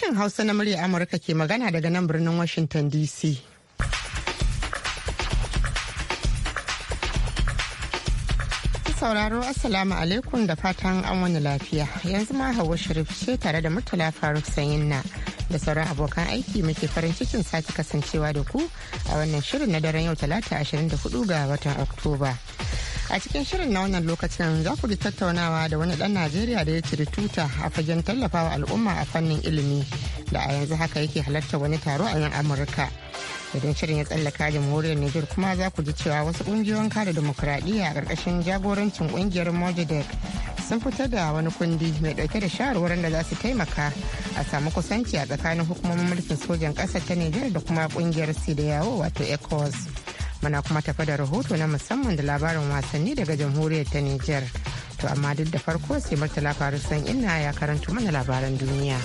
Sashen Hausa na murya Amurka ke magana daga nan birnin Washington DC. sauraro Assalamu alaikum da fatan an wani lafiya. Yanzu ma Hauwa Sharif ce tare da Murtala Faruk na da sauran abokan aiki muke farin cikin sake kasancewa da ku a wannan shirin na daren yau talata 24 ga watan Oktoba. A cikin shirin na wannan lokacin za ku ji tattaunawa da wani dan Najeriya da ya ciri tuta a fagen tallafawa al'umma a fannin ilimi da a yanzu haka yake halarta wani taro a yan Amurka. Idan shirin ya tsallaka jamhuriyar Nijar kuma za ku ji cewa wasu kungiyoyin kare demokuraɗiyya a ƙarƙashin jagorancin ƙungiyar mojadek sun fita da wani kundi mai ɗauke da shawarwarin da za su taimaka a samu kusanci a tsakanin hukumomin mulkin sojan ƙasar ta Nijar da kuma ƙungiyar Sidiyawo wato Ecos. mana kuma tafi da rahoto na musamman da labarin wasanni daga jamhuriyar ta Nijar. To amma duk da farko sai Murtala san Inna ya karanto mana labaran duniya.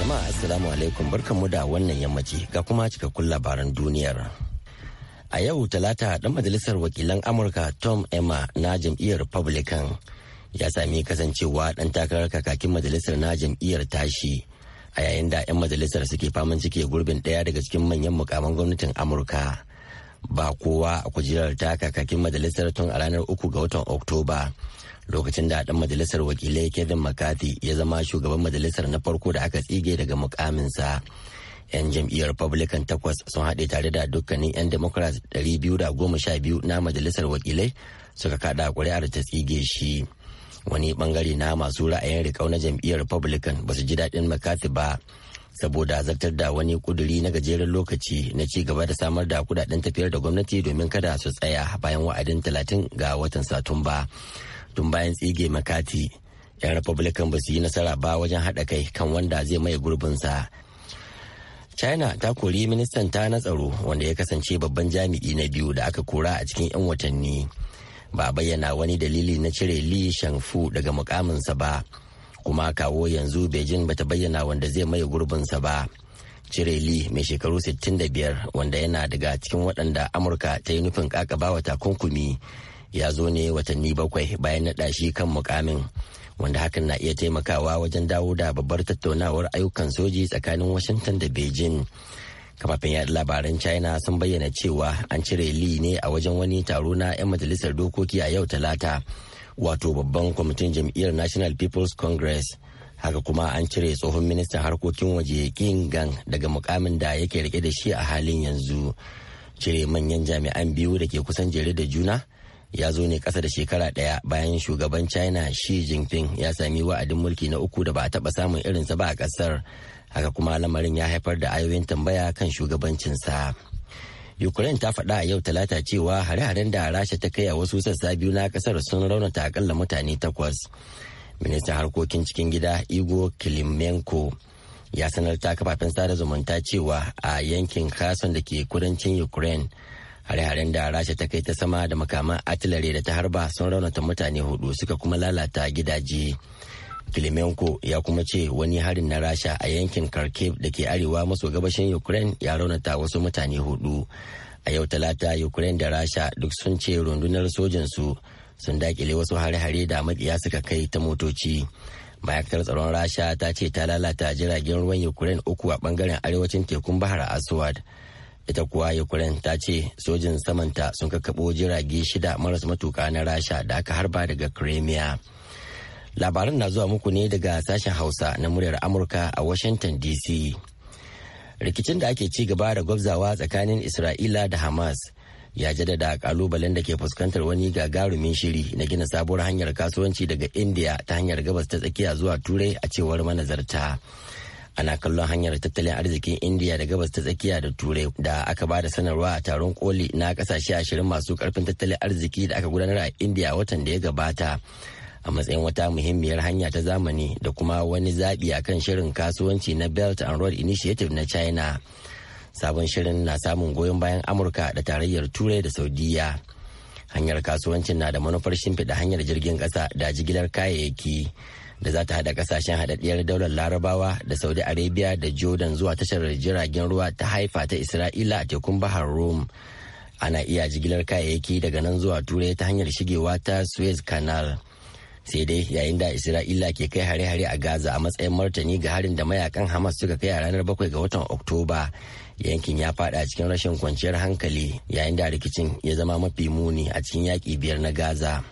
Jama'a Assalamu alaikum barkanmu da wannan yammaci ga kuma cikakkun labaran duniyar. A yau talata ɗan majalisar wakilan Amurka Tom Emma na jam'iyyar Republican ya sami kasancewa ɗan takarar kakakin majalisar na jam'iyyar tashi a yayin da 'yan majalisar suke faman cike gurbin ɗaya daga cikin manyan mukaman gwamnatin amurka ba kowa a kujerar ta kakakin majalisar tun a ranar uku ga watan oktoba lokacin da dan majalisar wakilai kevin mccarthy ya zama shugaban majalisar na farko da aka tsige daga mukaminsa 'yan jam'iyyar republican takwas sun haɗe tare da dukkanin 'yan democrats 212 na majalisar wakilai suka kada kuri'ar ta tsige shi. wani bangare na masu ra'ayin rikau na jam'iyyar republican ba su ji daɗin mccarthy ba saboda zartar da wani kuduri na gajeren lokaci na ci gaba da samar da kudaden tafiyar da gwamnati domin kada su tsaya bayan wa'adin talatin ga watan satumba tun bayan tsige makati yan republican ba su yi nasara ba wajen haɗa kai kan wanda zai maye gurbinsa china ta kori ministan ta na tsaro wanda ya kasance babban jami'i na biyu da aka kora a cikin 'yan watanni ba bayyana wani dalili na cire li shanfu daga mukaminsa ba kuma kawo yanzu beijing bata bayyana wanda zai maye gurbinsa ba cire li mai shekaru 65 wanda yana daga cikin waɗanda amurka ta yi nufin kakabawa takunkumi ya zo ne watanni bakwai bayan naɗa shi kan mukamin wanda hakan na iya taimakawa wajen dawo da babbar tattaunawar ayyukan soji tsakanin washington da beijing kafafen yada labaran china sun bayyana cewa an cire li ne a wajen wani taro na 'yan majalisar dokoki a yau talata wato babban kwamitin jam'iyyar national people's congress haka kuma an cire tsohon ministan harkokin waje king gang daga mukamin da yake rike da shi a halin yanzu cire manyan jami'an biyu da ke kusan jere da juna ya zo ne kasa da shekara daya bayan shugaban china shi jinping ya sami wa'adin mulki na uku da ba a taba samun irinsa ba a kasar haka kuma lamarin ya haifar da ayoyin tambaya kan shugabancinsa ukraine ta faɗa a yau talata cewa hare-haren da rasha ta kai a wasu sassa biyu na ƙasar sun raunata akalla mutane takwas ministan harkokin cikin gida igor kilimenko ya sanar ta kafafen sada zumunta cewa a yankin kason da ke kudancin ukraine hare-haren da rasha ta kai ta sama da makaman atilare da ta harba sun raunata mutane hudu suka kuma lalata gidaje Klimenko ya kuma ce wani harin na Rasha a yankin Kharkiv da ke arewa maso gabashin Ukraine ya raunata wasu mutane hudu. A yau talata Ukraine da Rasha duk sun ce rundunar sojinsu sun dakile wasu hare-hare da makiya suka kai ta motoci. Ma'aikatar tsaron Rasha ta ce ta lalata jiragen ruwan Ukraine uku a bangaren arewacin tekun Bahar Aswad. Ita kuwa Ukraine ta ce sojin samanta sun kakkaɓo jirage shida maras matuka na Rasha da aka harba daga Crimea. labaran na zuwa muku ne daga sashen hausa na muryar amurka a washington dc rikicin da ake ci gaba da gwabzawa tsakanin isra'ila da hamas ya jaddada kalubalen da ke fuskantar wani gagarumin shiri na gina sabuwar hanyar kasuwanci daga india ta hanyar gabas ta tsakiya zuwa turai a cewar manazarta ana kallon hanyar tattalin arzikin india da gabas ta tsakiya da turai da aka ba da sanarwa a taron koli na kasashe ashirin masu karfin tattalin arziki da aka gudanar a india watan da ya gabata a matsayin wata muhimmiyar hanya ta zamani da kuma wani zaɓi a kan shirin kasuwanci na belt and road initiative na china sabon shirin na samun goyon bayan amurka da tarayyar turai da saudiya hanyar kasuwancin na da manufar shimfiɗa hanyar jirgin ƙasa da jigilar kayayyaki da za ta haɗa ƙasashen haɗaɗɗiyar daular larabawa da saudi arabia da jordan zuwa tashar jiragen ruwa ta haifa ta isra'ila a tekun bahar rum ana iya jigilar kayayyaki daga nan zuwa turai ta hanyar shigewa ta suez canal sai dai yayin da isra'ila ke kai hare-hare a gaza a matsayin martani ga harin da mayakan hamas suka kai a ranar 7 ga watan oktoba yankin ya fada cikin rashin kwanciyar hankali yayin da rikicin ya zama mafi muni a cikin yaki biyar na gaza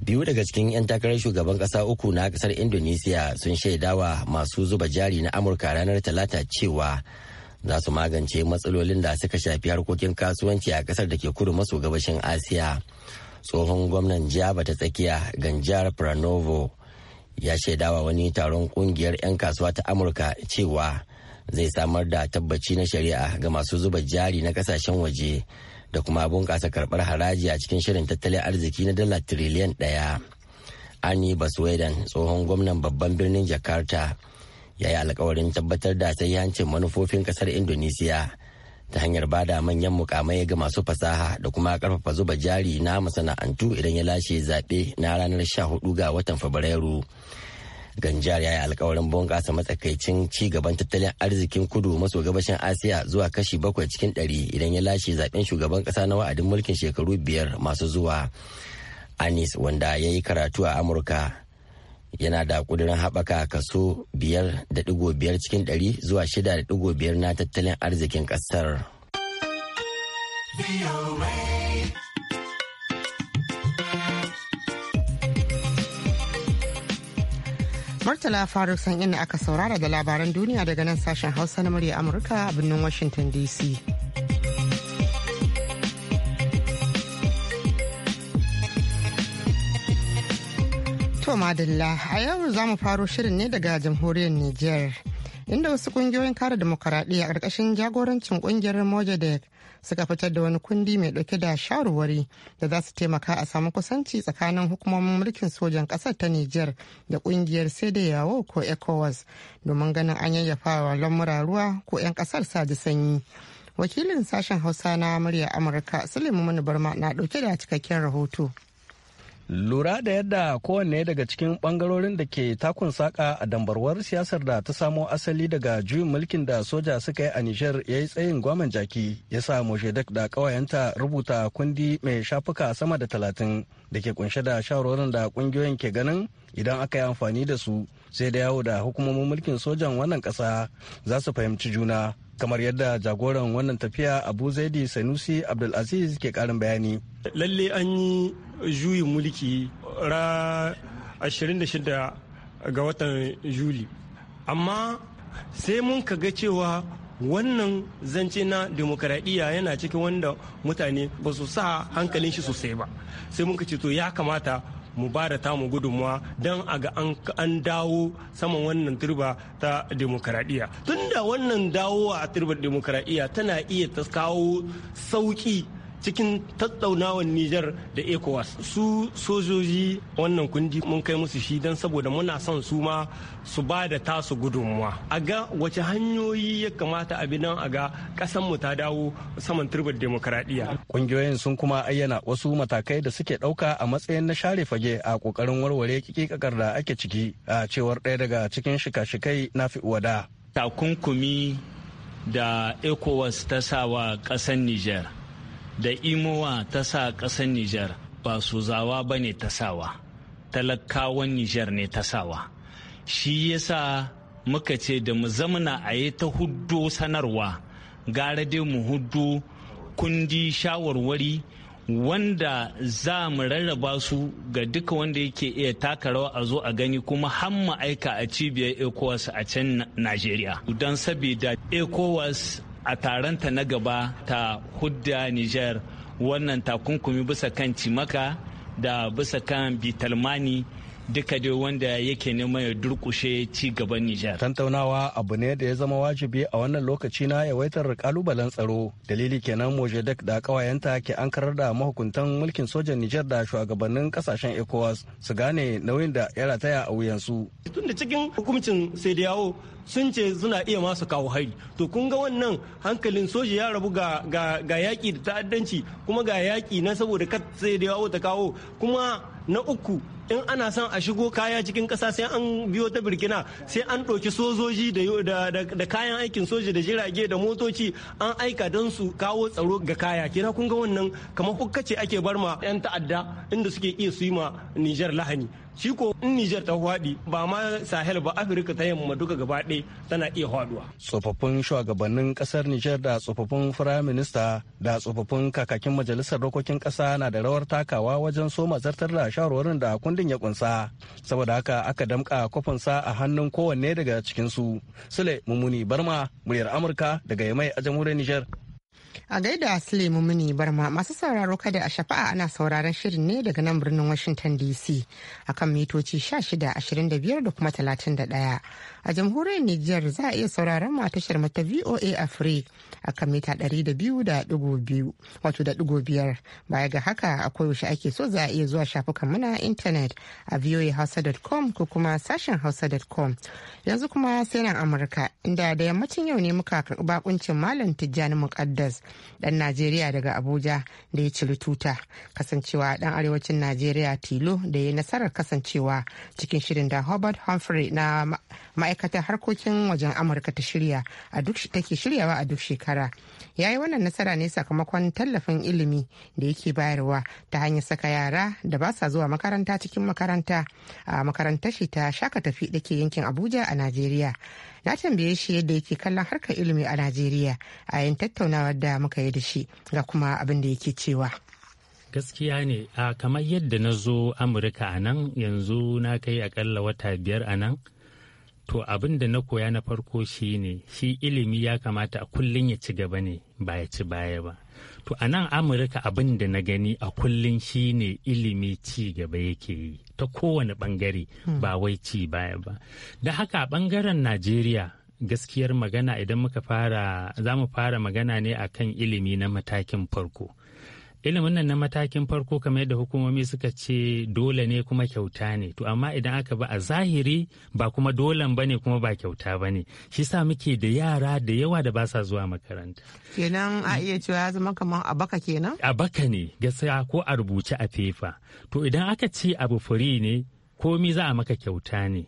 biyu daga cikin 'yan takarar shugaban kasa uku na kasar indonesia sun shaidawa masu zuba jari na amurka ranar talata cewa za su magance matsalolin da suka shafi harkokin kasuwanci a kasar da ke kudu maso gabashin asiya tsohon gwamnan Jaba ta tsakiya ganjar pranovo ya shaidawa wani taron kungiyar 'yan kasuwa ta amurka cewa zai samar da tabbaci na shari'a ga masu zuba jari na kasashen waje da kuma bunƙasa karɓar haraji a cikin shirin tattalin arziki na dala tiriliyan ɗaya ani baswedan tsohon gwamnan babban birnin jakarta ya yi alkawarin tabbatar da sai hancin manufofin kasar Indonesia. ta hanyar ba da manyan mukamai ga masu fasaha da kuma karfafa zuba jari na masana'antu idan ya lashe zaɓe na ranar 14 ga watan Fabrairu. Ganjar ya yi alkawarin bunƙasa matsakaicin ci gaban tattalin arzikin kudu maso gabashin Asiya zuwa kashi bakwai cikin ɗari idan ya lashe zaɓen shugaban ƙasa na wa'adin mulkin shekaru biyar masu zuwa. Anis wanda ya yi karatu a Amurka yana da kudirin haɓaka kaso 5.5 cikin 100 zuwa 6.5 na tattalin arzikin ƙasar. Murtala Faruk san inda aka saurara da labaran duniya daga nan sashen Hausa na murya Amurka a birnin Washington DC. To Madalla, a yau za mu faro shirin ne daga jamhuriyar Nijar, inda wasu kungiyoyin kare demokaradiyya a ƙarƙashin jagorancin kungiyar Mojadek suka fitar da wani kundi mai ɗauke da shawarwari da za su taimaka a samu kusanci tsakanin hukumomin mulkin sojan ƙasar ta Nijar da kungiyar Sede Yawo ko ECOWAS domin ganin an yayyafa wa lamura ruwa ko 'yan ƙasar saji sanyi. Wakilin sashen Hausa na murya Amurka sulemanu Barma na ɗauke da cikakken rahoto. lura da yadda kowanne daga cikin bangarorin da ke takun saka a dambarwar siyasar da ta samo asali daga juyin mulkin da soja suka yi a nijar ya yi tsayin gwaman jaki ya sa moshedek da kawayenta rubuta kundi mai shafuka sama da talatin da ke kunshe da shawarorin da kungiyoyin ke ganin idan aka yi amfani da su sai da yawo da hukumomin mulkin sojan wannan kasa za su fahimci juna kamar yadda jagoran wannan tafiya abu zaidi sanusi abdulaziz ke karin bayani lalle an yi juyin mulki ra 26 ga watan juli amma sai mun kaga cewa wannan zance na demokaradiyya yana cikin wanda mutane ba su sa hankalin shi sosai ba sai mun ka ce to ya kamata mu ba da tamu gudunmuwa don a ga an dawo saman wannan turba ta demokaradiyya tunda wannan dawowa a turbar demokaradiyya tana iya ta kawo sauki cikin tattaunawar Nijar da ECOWAS su sojoji wannan kundi mun kai musu shi don saboda muna son su ma su ba da tasu gudunmuwa a ga wace hanyoyi ya kamata a bidan a ga mu ta dawo saman turbar demokaradiyya ƙungiyoyin sun kuma ayyana wasu matakai da suke ɗauka a matsayin na share fage a ƙoƙarin warware kikikakar da ake ciki a cewar ɗaya daga cikin shika-shikai na fi takunkumi da ecowas ta sa wa ƙasar nijar da imowa ta sa ƙasar Nijar ba su zawa ba ne ta sawa, talakawan Nijar ne ta sawa. Shi yasa muka ce da mu zamana a yi ta hudu sanarwa gara dai mu hudu kundi shawarwari wanda za mu rarraba su ga duka wanda yake iya taka rawa a zo a gani kuma har mu aika a cibiyar ecowas a can najeriya don sabida ecowas a taronta na gaba ta hudda niger wannan takunkumi bisa kan cimaka da bisa kan bitalmani duka dai wanda yake neman ya durkushe ci gaban Nijar. Tantaunawa abu ne da ya zama wajibi a wannan lokaci na yawaitar kalubalen tsaro. Dalili kenan Mojedek da kawayenta ke ankarar da mahukuntan mulkin sojan Nijar da shugabannin kasashen ECOWAS su gane nauyin da ya rataya a wuyansu. Tun da cikin hukuncin sai da yawo sun ce suna iya masu kawo hari. To kun ga wannan hankalin soja ya rabu ga, ga, yaƙi da ta'addanci kuma ga yaƙi na saboda kat sai da yawo ta kawo kuma na uku in ana son a shigo kaya cikin ƙasa sai an biyo ta birkina sai an ɗauki sojoji da kayan aikin soji da jirage da motoci an aika don su kawo tsaro ga kaya kira kun ga wannan kamar hukka ce ake bar ma 'yan ta'adda inda suke iya su ma nijar lahani shi ko in nijar ta hwaɗi ba ma sahel ba afirka ta yamma duka gaba tana iya faduwa. tsofaffin shugabannin kasar nijar da tsofaffin firayim minista da tsofaffin kakakin majalisar dokokin kasa na da rawar takawa wajen soma zartar da shawarwarin da kun kundin ya kunsa saboda haka aka damƙa kwafansa a hannun kowanne daga cikinsu sule mummuni barma muryar amurka daga yamai a jamhuriyar nijar A gaida Sulemu Muni Barma masu sauraro kada a shafa'a ana sauraron shirin ne daga nan birnin Washington DC a kan mitoci 1625 da kuma 31. A jamhuriyar Nijar za a iya sauraron mu a tashar mata VOA a kan mita 200.2 wato da digo biyar baya ga haka a koyaushe ake so za a iya zuwa shafukan muna intanet a voahausa.com ko kuma sashen hausa.com yanzu kuma sai nan Amurka inda da yammacin yau ne muka karɓi bakuncin Malam Tijjani Muqaddas dan najeriya daga abuja da ya ciri tuta kasancewa dan arewacin najeriya tilo da ya nasarar kasancewa cikin shirin da hobart humphrey na ma'aikatar harkokin wajen amurka ta shirya a duk take shiryawa a duk shekara ya yi wannan nasara ne sakamakon tallafin ilimi da yake bayarwa ta hanyar saka yara da ba sa zuwa makaranta cikin makaranta a makarantar shi ta shaka tafi da ke yankin abuja a najeriya na tambaye shi yadda yake kallon harkar ilimi a najeriya a yin tattaunawar da muka yi da shi ga kuma abin da yake cewa gaskiya ne a kamar yadda na zo amurka a nan yanzu na kai akalla wata biyar a nan to abin da na koya na farko shi ne shi ilimi ya kamata a kullum ya ci gaba ne ba ya ci baya ba To a nan Amurka abin da na gani a kullum shine ilimi ci gaba yake yi ta kowane bangare hmm. ba wai ci baya ba. Da haka a bangaren Najeriya gaskiyar magana idan muka fara za mu fara magana ne akan ilimi na matakin farko. ilimin nan na matakin farko kamar yadda hukumomi suka ce dole ne kuma kyauta ne to amma idan aka ba a zahiri ba kuma dolan bane kuma ba kyauta bane shi sa muke da yara da yawa da ba sa zuwa makaranta kenan a iya cewa ya zama kamar a baka kenan a baka ne gaskiya ko a rubuce a fefa to idan aka ce abu fure ne komi za a maka kyauta ne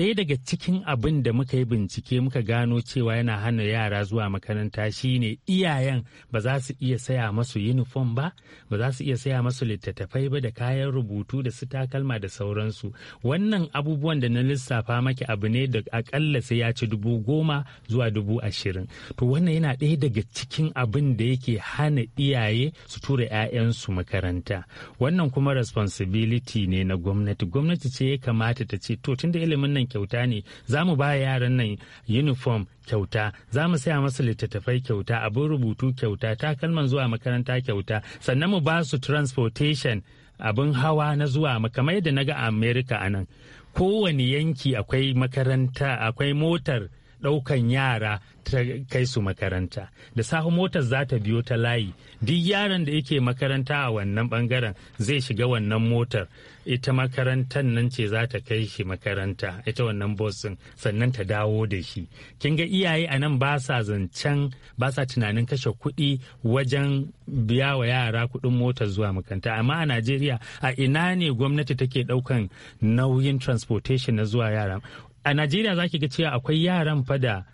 ɗaya daga cikin abin da muka yi bincike muka gano cewa yana hana yara zuwa makaranta shine iyayen ba za su iya saya masu uniform ba ba za su iya saya masu littattafai ba da kayan rubutu da su takalma da sauransu wannan abubuwan da na lissafa maki abu ne da akalla sai ya ci dubu goma zuwa dubu ashirin to wannan yana ɗaya daga cikin abin da yake hana iyaye su tura 'ya'yansu makaranta wannan kuma responsibility ne na gwamnati gwamnati ce ya kamata ta ce to tunda ilimin nan kyauta ne za mu ba yaran nan uniform kyauta za mu saya masa littattafai kyauta abin rubutu kyauta takalman zuwa makaranta kyauta sannan mu ba su transportation abin hawa na zuwa kamar da na ga america a nan kowane yanki akwai makaranta akwai motar ɗaukan yara ta kai su makaranta da sahu motar za ta biyo ta layi duk yaran da yake makaranta a wannan bangaren zai shiga wannan motar ita makarantar nan ce za ta kai shi makaranta ita wannan bosin sannan ta dawo da shi kin ga iyaye a nan ba sa zancen ba sa tunanin kashe kuɗi wajen biya wa yara kuɗin motar zuwa makaranta amma a najeriya a ina ne gwamnati take ɗaukan nauyin transportation na zuwa yara a najeriya za ki ga cewa akwai yaran fada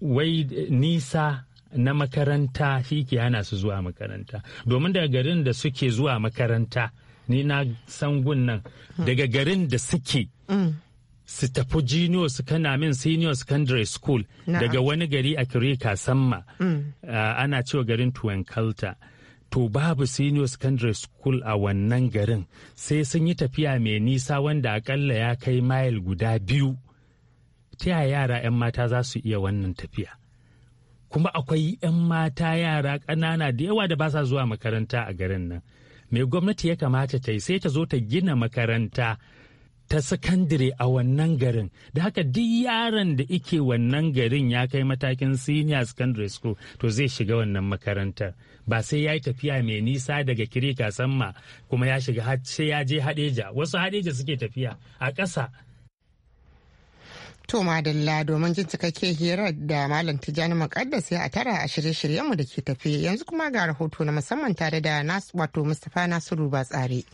wai nisa na makaranta shi ke hana su zuwa makaranta domin daga garin da suke zuwa makaranta ni na san nan daga garin da suke su tafi junior su kana min senior secondary school daga wani gari a kirika sama mm. ana cewa garin tuwankalta to babu senior secondary school a wannan garin sai sun yi tafiya mai nisa wanda akalla ya kai mile guda biyu ta yaya yara 'yan mata za su iya wannan tafiya kuma akwai 'yan mata yara ƙanana da yawa da ba sa zuwa makaranta a garin nan mai gwamnati ya kamata ta yi sai ta zo ta gina makaranta ta sakandire a wannan garin da haka duk yaron da ike wannan garin ya kai matakin senior secondary school to zai shiga wannan makarantar ba sai ya yi tafiya mai nisa daga kirika sama kuma ya shiga sai ya je hadeja wasu hadeja suke tafiya a ƙasa To Madalla domin jin cikakke hirar da Malam Tijjani Makadda sai a tara a shirye-shiryenmu da ke tafi yanzu kuma ga rahoto na musamman tare da wato Mustapha Nasiru ba tsare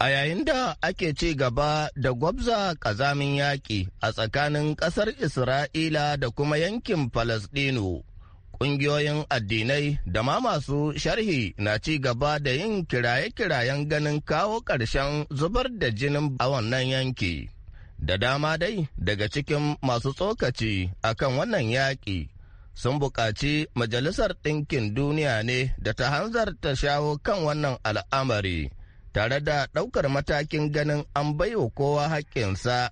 A yayin da ake ci gaba da gwabza kazamin yaƙi a tsakanin ƙasar Isra'ila da kuma yankin Falasɗinu. Ƙungiyoyin addinai da ma masu sharhi na ci gaba da yin kiraye-kirayen ganin kawo ƙarshen zubar da jinin a wannan yanki. Da dama dai daga cikin masu tsokaci a kan wannan yaƙi sun buƙaci Majalisar Ɗinkin Duniya ne da ta hanzar ta shawo kan wannan al'amari tare da ɗaukar matakin ganin an baiwa kowa haƙƙinsa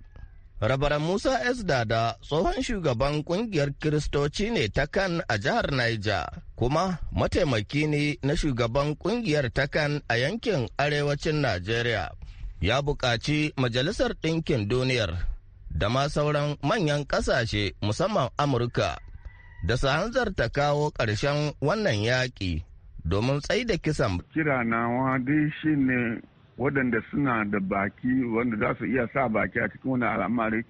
Rabaran Musa S. Dada tsohon shugaban kungiyar Kiristoci ne ta kan a jihar Niger, kuma mataimaki ne na shugaban kungiyar ta kan a yankin arewacin Najeriya. Ya buƙaci Majalisar Ɗinkin Duniyar da ma sauran manyan ƙasashe musamman Amurka da su hanzarta kawo ƙarshen wannan yaƙi domin tsaida kisan. Kira wa dai ne. waɗanda suna da baki wanda za su iya sa baki a cikin wani al'amari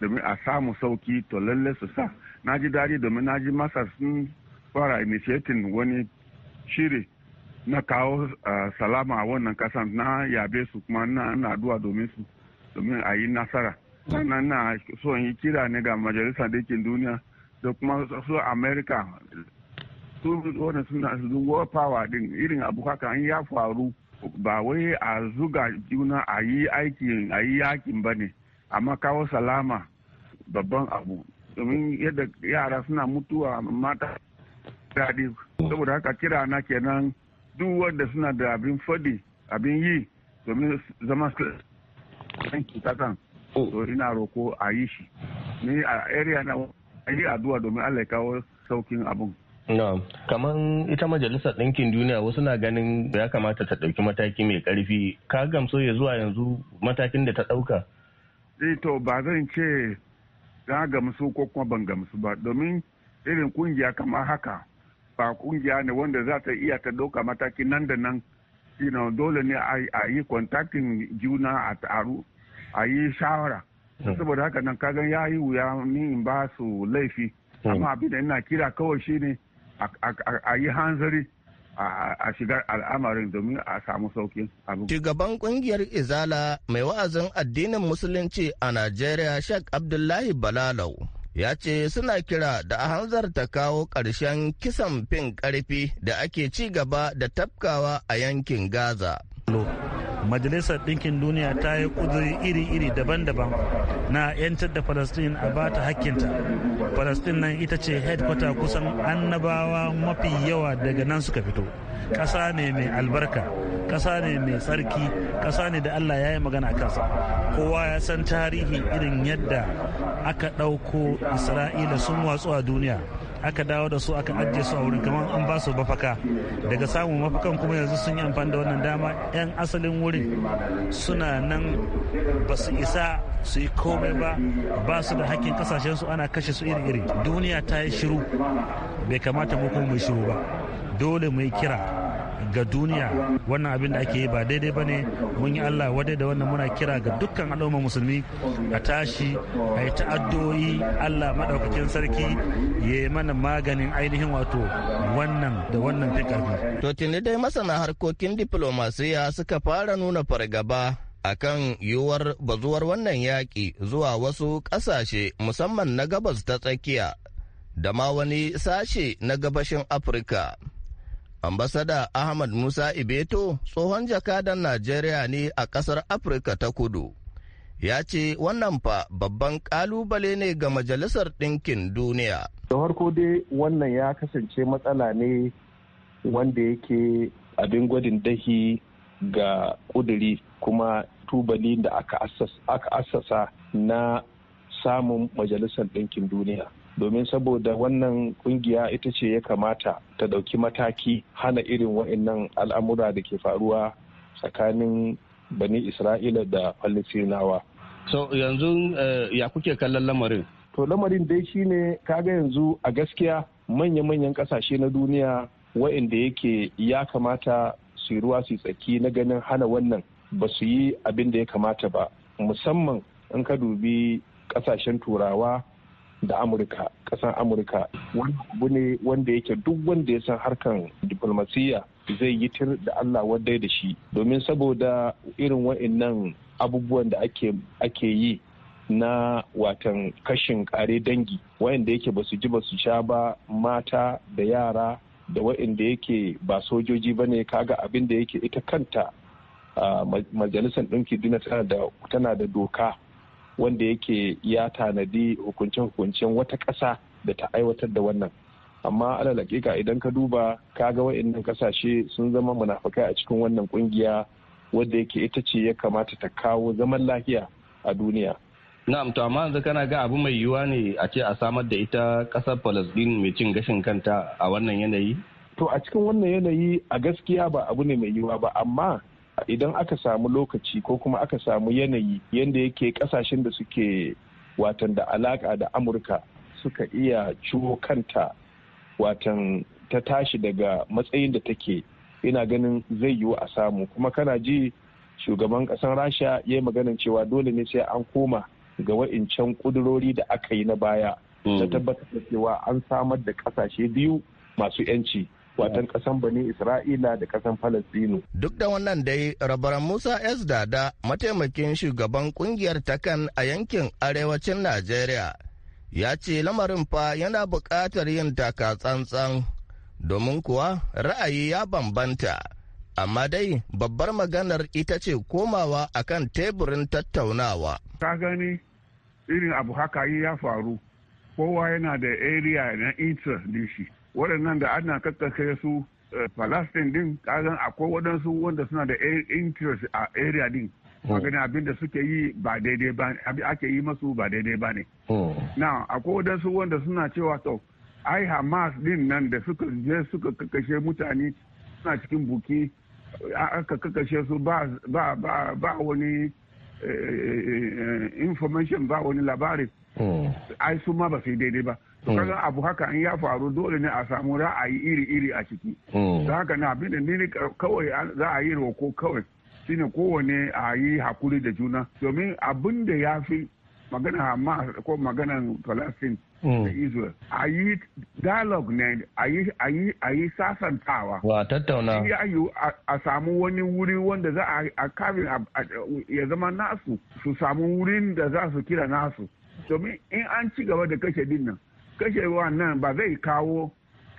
domin a samu sauki to lalle su sa na ji daɗi domin na ji masa sun fara initiating wani shiri na kawo salama a wannan kasan na yabe su kuma na addu'a domin su domin a yi nasara sannan na so yi kira ne ga majalisar Dikin duniya da kuma su america su wani suna su power din irin abu haka an ya faru ba wai a zuga juna a yi aikin a yi yakin ba ne amma kawo salama babban abu domin yadda yara suna mutuwa mata daɗi saboda haka kira na kenan duk wanda suna da abin fadi abin yi domin zama kasan to ina roko a yi shi ni a area na a yi addu'a domin allah kawo saukin abun No. kaman ita majalisar ɗinkin duniya wasu na ganin ya kamata ta ɗauki mataki mai ƙarfi ka gamso ya zuwa yanzu matakin da ta ɗauka eh, to ba zan ce na gamsu ko kuma ban gamsu ba domin irin kungiya kama haka ba kungiya ne wanda za ta iya ta ɗauka mataki nan da nan you know, dole ne a yi kontaktin juna a taru a yi shawara hmm. saboda haka nan kagan ya yi wuya ni in ba su laifi hmm. amma abin da ina kira kawai shine ne a yi hanzari a shigar al'amarin domin a samu saukin abu. Shugaban kungiyar Izala mai wa'azin addinin Musulunci a Najeriya Sheikh Abdullahi Balalau ya ce suna kira da a hanzarta kawo ƙarshen kisan fin ƙarfi da ake ci gaba da tafkawa a yankin Gaza. majalisar ɗinkin duniya ta yi ƙuduri iri-iri daban-daban na 'yantar da palestine a ba ta hakkinta palestine nan ita ce headquarter kusan annabawa mafi yawa daga nan suka fito ƙasa ne mai albarka ƙasa ne mai tsarki ƙasa ne da allah ya yi magana a kansa kowa ya san tarihi irin yadda aka ɗauko isra'ila sun watsu a duniya aka dawo da su aka ajiye su a wurin kamar an ba su mafaka daga samun mafakan kuma yanzu sun yi amfani da wannan dama 'yan asalin wurin suna nan ba su isa su yi komai ba ba su da hakkin kasashen su ana kashe su iri-iri duniya ta yi shiru bai kamata mu kuma mai shiru ba dole mu kira ga duniya wannan abin da ake yi ba daidai ba ne mun yi allah wadai da wannan muna kira ga dukkan al'ummar musulmi a tashi a yi ta'addoyi allah maɗaukakin sarki ya yi mana maganin ainihin wato wannan da wannan fi to tuni dai masana harkokin diplomasiya suka fara nuna fargaba a kan yiwuwar bazuwar wannan yaƙi zuwa wasu ƙasashe musamman na gabas ta tsakiya da ma wani sashe na gabashin afirka Ambasada Ahmad Musa Ibeto tsohon jakadan Najeriya ne a ƙasar Afirka ta kudu. Ya ce wannan fa babban ƙalubale ne ga Majalisar Ɗinkin Duniya. Da farko dai wannan ya kasance matsala ne wanda yake abin gwadin dahi ga ƙuduri kuma tubali da aka assasa na samun Majalisar Ɗinkin Duniya. domin saboda wannan kungiya ita ce ya kamata ta ɗauki mataki hana irin wa'annan al'amura da ke faruwa tsakanin bani isra'ila da falistinawa so yanzu eh, ya kuke kallon lamarin to lamarin dai shine kaga yanzu a gaskiya manya-manyan kasashe na duniya wa'inda yake ya kamata su ruwa su tsaki na ganin hana wannan ba su yi abin da ya kamata ba musamman in ka dubi kasashen turawa da amurka kasar amurka wani abu ne wanda yake duk wanda ya san harkan diplomasiya zai yi tir da allah wadai da shi domin saboda irin wa'annan abubuwan da ake yi na watan kashin kare dangi wayanda yake ba su ji ba su sha ba mata da yara da da yake ba sojoji ba ne kaga abin da yake ita kanta ah, majalisar ɗinki duniya tana da doka wanda yake ya tanadi hukunce-hukuncen wata ƙasa da ta aiwatar da wannan amma alal hakika idan ka duba ka ga wa'annan kasashe sun zama munafukai a cikin wannan kungiya wadda yake ita ce ya kamata ta kawo zaman lafiya a duniya na'am to amma yanzu kana ga abu mai yiwuwa ne a ce a samar da ita kasar palestine mai cin gashin kanta a wannan yanayi to a cikin wannan yanayi a gaskiya ba abu ne mai yiwuwa ba amma idan aka samu lokaci ko kuma aka samu yanayi yadda yake kasashen da suke watan da alaka da amurka suka iya ciwo kanta watan ta tashi daga matsayin da take ina ganin zai yiwu a samu kuma kana ji shugaban kasan rasha ya yi maganin cewa dole ne sai an koma ga wa'incan kudurori da aka yi na baya ta mm. tabbatar da cewa an samar da kasashe biyu masu 'yanci watan kasan bani isra'ila da kasan falastinu duk da wannan dai rabaran musa s dada mataimakin shugaban kungiyar takan a yankin arewacin najeriya ya ce lamarin fa yana buƙatar yin taka tsantsan domin kuwa ra'ayi ya bambanta amma dai babbar maganar ita ce komawa akan teburin tattaunawa ka gani irin abu haka ya faru kowa yana da area na interest din waɗannan da ana kakkashe su eh, palestine din kagan akwai waɗansu wanda suna da interest a area din magana hmm. abin da suke yi ba daidai ba ne ake yi masu ba daidai ba ne hmm. na akwai waɗansu wanda suna cewa to ai hamas din nan da suka je suka kakkashe mutane suna cikin buki aka kakkashe su ba wani eh, eh, information ba wani labari hmm. ai su ma ba su yi daidai ba to kaga mm. abu haka an ya faru dole ne a samu ra'ayi iri-iri a ciki mm. da haka na abin da ni kawai za a yi roko kawai shine kowane a yi hakuri da juna domin abin da ya fi magana hamas ko maganan palestine da mm. israel a yi dialogue ne a yi sasantawa wa tattauna ya yi a samu wani wuri wanda za a kafin ya zama nasu su samu wurin da za su kira nasu domin in an ci gaba da kashe din nan kashe nan ba zai kawo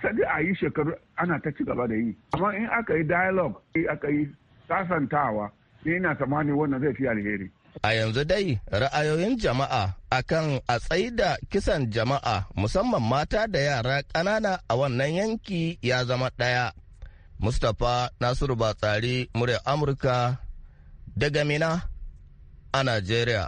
sai a yi shekaru ana ta ci gaba da yi amma in aka yi dialogue aka yi sasantawa ni ina tsammanin wannan zai fi alheri a yanzu dai ra'ayoyin jama'a akan a tsaida kisan jama'a musamman mata da yara ƙanana a wannan yanki ya zama ɗaya mustapha nasiru batsari murya amurka daga mina a najeriya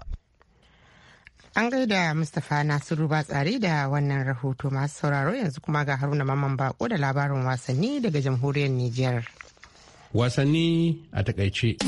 An gaida Mustapha Nasiru Batsari da wannan rahoto masu sauraro yanzu kuma ga Haruna Maman Bako da labarin wasanni daga jamhuriyar Nijiyar. Wasanni a takaice.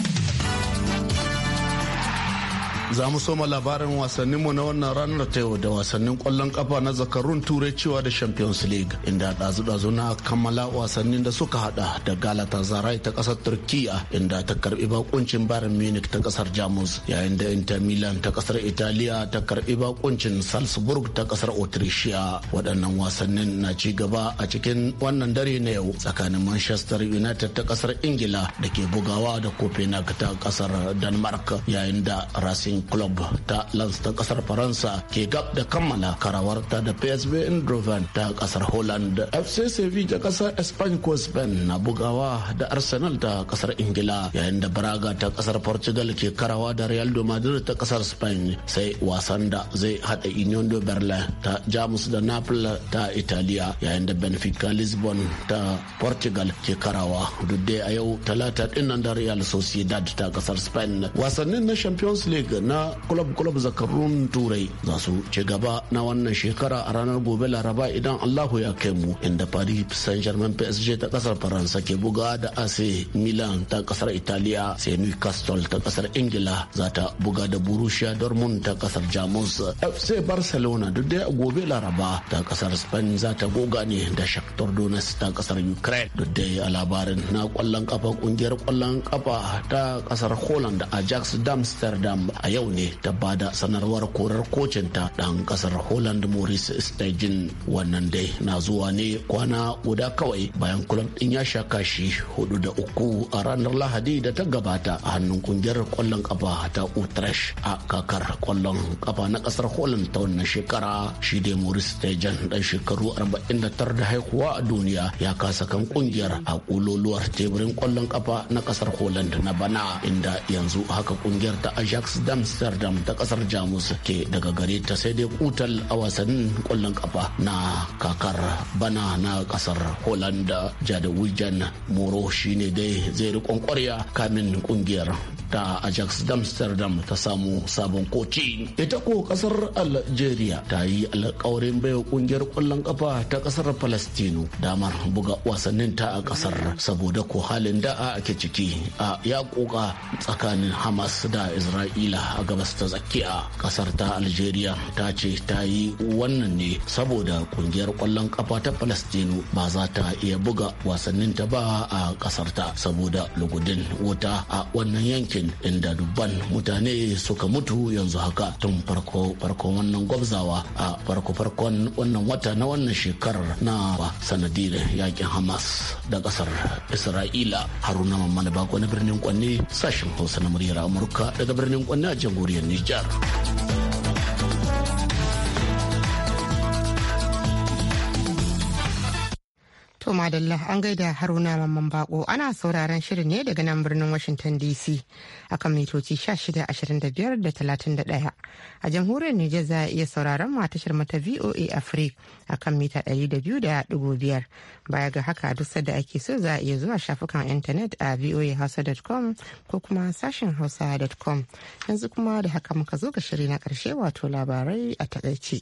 Za mu soma labarin wasannin mu na wannan ranar ta yau da wasannin kwallon kafa na zakarun turai cewa da Champions League inda dazu-dazu na kammala wasannin da suka hada da Galatasaray ta kasar Turkiya inda ta karbi bakuncin Bayern Munich ta kasar Jamus yayin da Inter Milan ta kasar Italiya ta karbi bakuncin Salzburg ta kasar Autricia waɗannan wasannin na ci gaba a cikin wannan dare na yau tsakanin Manchester United ta kasar Ingila da ke bugawa da Copenhagen ta kasar Denmark yayin da Racing sporting club ta lance ta kasar faransa ke gab da kammala karawarta da psv eindhoven ta kasar holland fc sevilla kasar spain ko spain na bugawa da arsenal ta kasar ingila yayin da braga ta kasar portugal ke karawa da real madrid ta kasar spain sai wasan da zai hada union de berlin ta jamus da naples ta italiya yayin da benfica lisbon ta portugal ke karawa duk a yau talata dinnan da real sociedad ta kasar spain wasannin na champions league na kulob kulob zakarun turai za su ci gaba na wannan shekara a ranar gobe laraba idan allahu ya kai mu inda paris saint germain psg ta kasar faransa ke buga da ac milan ta kasar italiya sai newcastle ta kasar ingila za ta buga da borussia dortmund ta kasar jamus fc barcelona duk da gobe laraba ta kasar spain za ta goga ne da shakhtar donetsk ta kasar ukraine duk da a labarin na kwallon kafa kungiyar kwallon kafa ta kasar holland ajax amsterdam a yau ne ta bada sanarwar korar kocinta ɗan ƙasar Holland Maurice Stegen wannan dai na zuwa ne kwana guda kawai bayan kulob din ya sha kashi hudu da uku a ranar Lahadi da ta gabata a hannun kungiyar kwallon kafa ta Utrecht a kakar kwallon kafa na ƙasar Holland ta wannan shekara shi dai Maurice Stegen ɗan shekaru 49 da haihuwa a duniya ya kasa kan kungiyar a kuloluwar teburin kwallon kafa na ƙasar Holland na bana inda yanzu haka kungiyar ta Ajax Dams amsterdam ta kasar jamus ke daga gare ta sai dai kutal a wasannin kwallon kafa na kakar bana na kasar holanda jadawijan moro shine dai zai rikon kwarya kamin kungiyar ta ajax amsterdam ta samu sabon koci ita ko kasar algeria ta yi alkawarin baiwa kungiyar kwallon kafa ta kasar palestino damar buga wasannin ta a kasar saboda ko halin da ake ciki a yakuka tsakanin hamas da isra'ila a gabas ta tsakiya kasar ta algeria ta ce ta yi wannan ne saboda kungiyar kwallon kafa ta palestino ba za ta iya buga wasannin ta ba a kasar ta saboda lugudin wuta a wannan yankin yankin inda dubban mutane suka mutu yanzu haka tun farko farkon wannan gwabzawa a farko farkon wannan wata na wannan shekarar na sanadiyar yakin hamas da kasar isra'ila haruna mamman bako na birnin kwanne sashen hausa na muryar amurka daga birnin kwanne a jamhuriyar nijar To madalla an gaida haruna mamman bako ana sauraron shirin ne daga nan birnin Washington DC akan mitoci 1625 da 31. A jamhuriyar Nijar za a iya sauraron tashar mata VOA Africa akan mita 200.5. Baya ga haka duk sadda ake so za a iya zuwa shafukan intanet a voahausa.com ko kuma sashen hausa.com. Yanzu kuma da haka muka zo ga shiri na karshe wato labarai a takaice.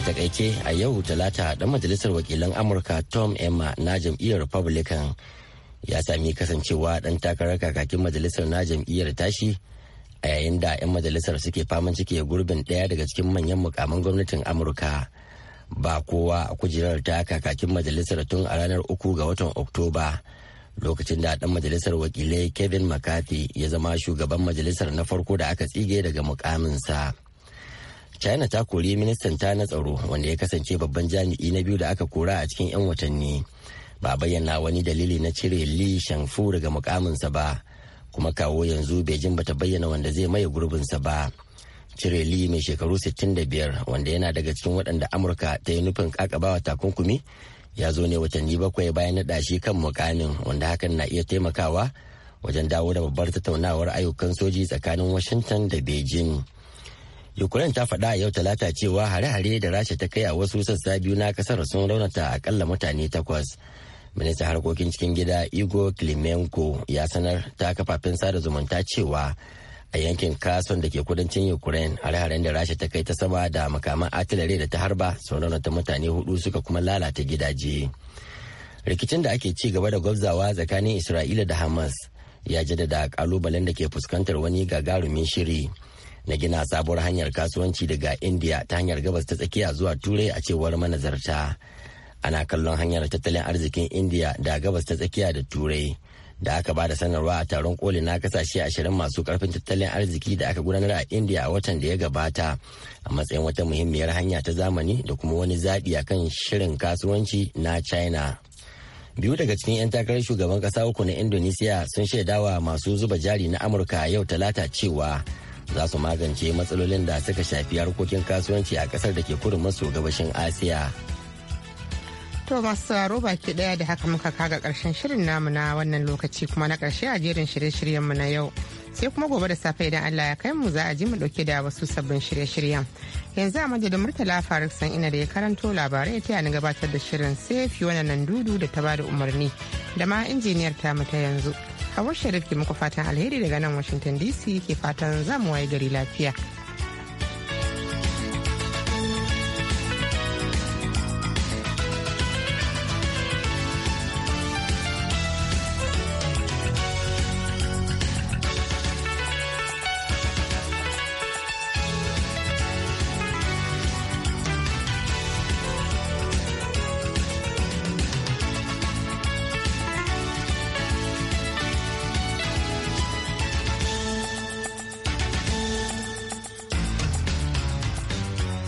a takaice a yau talata dan majalisar wakilan amurka tom emma na jam'iyyar republican ya sami kasancewa dan takarar kakakin majalisar na jam'iyyar tashi a yayin da 'yan majalisar suke faman cike gurbin daya daga cikin manyan mukamin gwamnatin amurka ba kowa a kujerar ta kakakin majalisar tun a ranar uku ga watan oktoba lokacin da dan majalisar wakilai kevin mccarthy ya zama shugaban majalisar na farko da aka tsige daga mukaminsa. china ta kori ministan ta na tsaro wanda ya kasance babban jami'i na biyu da aka kora a cikin 'yan watanni ba bayyana wani dalili na cire li shangfu daga mukaminsa ba kuma kawo yanzu beijing bata bayyana wanda zai maye gurbinsa ba cire li mai shekaru 65 wanda yana daga cikin waɗanda amurka ta yi nufin kakabawa takunkumi ya zo ne watanni bakwai bayan naɗa shi kan mukamin wanda hakan na iya taimakawa wajen dawo da babbar tattaunawar ayyukan soji tsakanin washington da beijing Ukraine ta faɗa a yau talata cewa hare-hare da Rasha ta kai a wasu sassa biyu na kasar sun raunata akalla mutane takwas. Ministan harkokin cikin gida Igor Klimenko ya sanar ta kafafen sada zumunta cewa a yankin kason da ke kudancin Ukraine hare-haren da Rasha ta kai ta sama da makaman artillery da ta harba sun raunata mutane hudu suka kuma lalata gidaje. Rikicin da ake ci gaba da gwabzawa tsakanin Isra'ila da Hamas ya jaddada kalubalen da ke fuskantar wani gagarumin shiri. na gina sabuwar hanyar kasuwanci daga india ta hanyar gabas ta tsakiya zuwa turai a cewar manazarta ana kallon hanyar tattalin arzikin india da gabas ta tsakiya da turai da aka ba da sanarwa a taron koli na kasashe ashirin masu karfin tattalin arziki da aka gudanar a india a watan da ya gabata a matsayin wata muhimmiyar hanya ta zamani da kuma wani zaɓi a kan shirin kasuwanci na china biyu daga cikin 'yan takarar shugaban ƙasa uku na indonesia sun shaidawa masu zuba jari na amurka yau talata cewa za su magance matsalolin da suka shafi harkokin kasuwanci a kasar da ke kudu maso gabashin asiya to masu sauraro baki daya da haka muka kaga karshen shirin namu na wannan lokaci kuma na karshe a jerin shirye shiryen mu na yau sai kuma gobe da safe idan Allah ya kai mu za a ji mu dauke da wasu sabbin shirye-shiryen yanzu a madadin murtala faruk san ina da ya karanto labarai ta yana gabatar da shirin sai fiye nan dudu da ta bada umarni da ma injiniyar ta mu ta yanzu kamar Sharif ke muku fatan alheri daga nan Washington DC ke fatan za mu gari lafiya.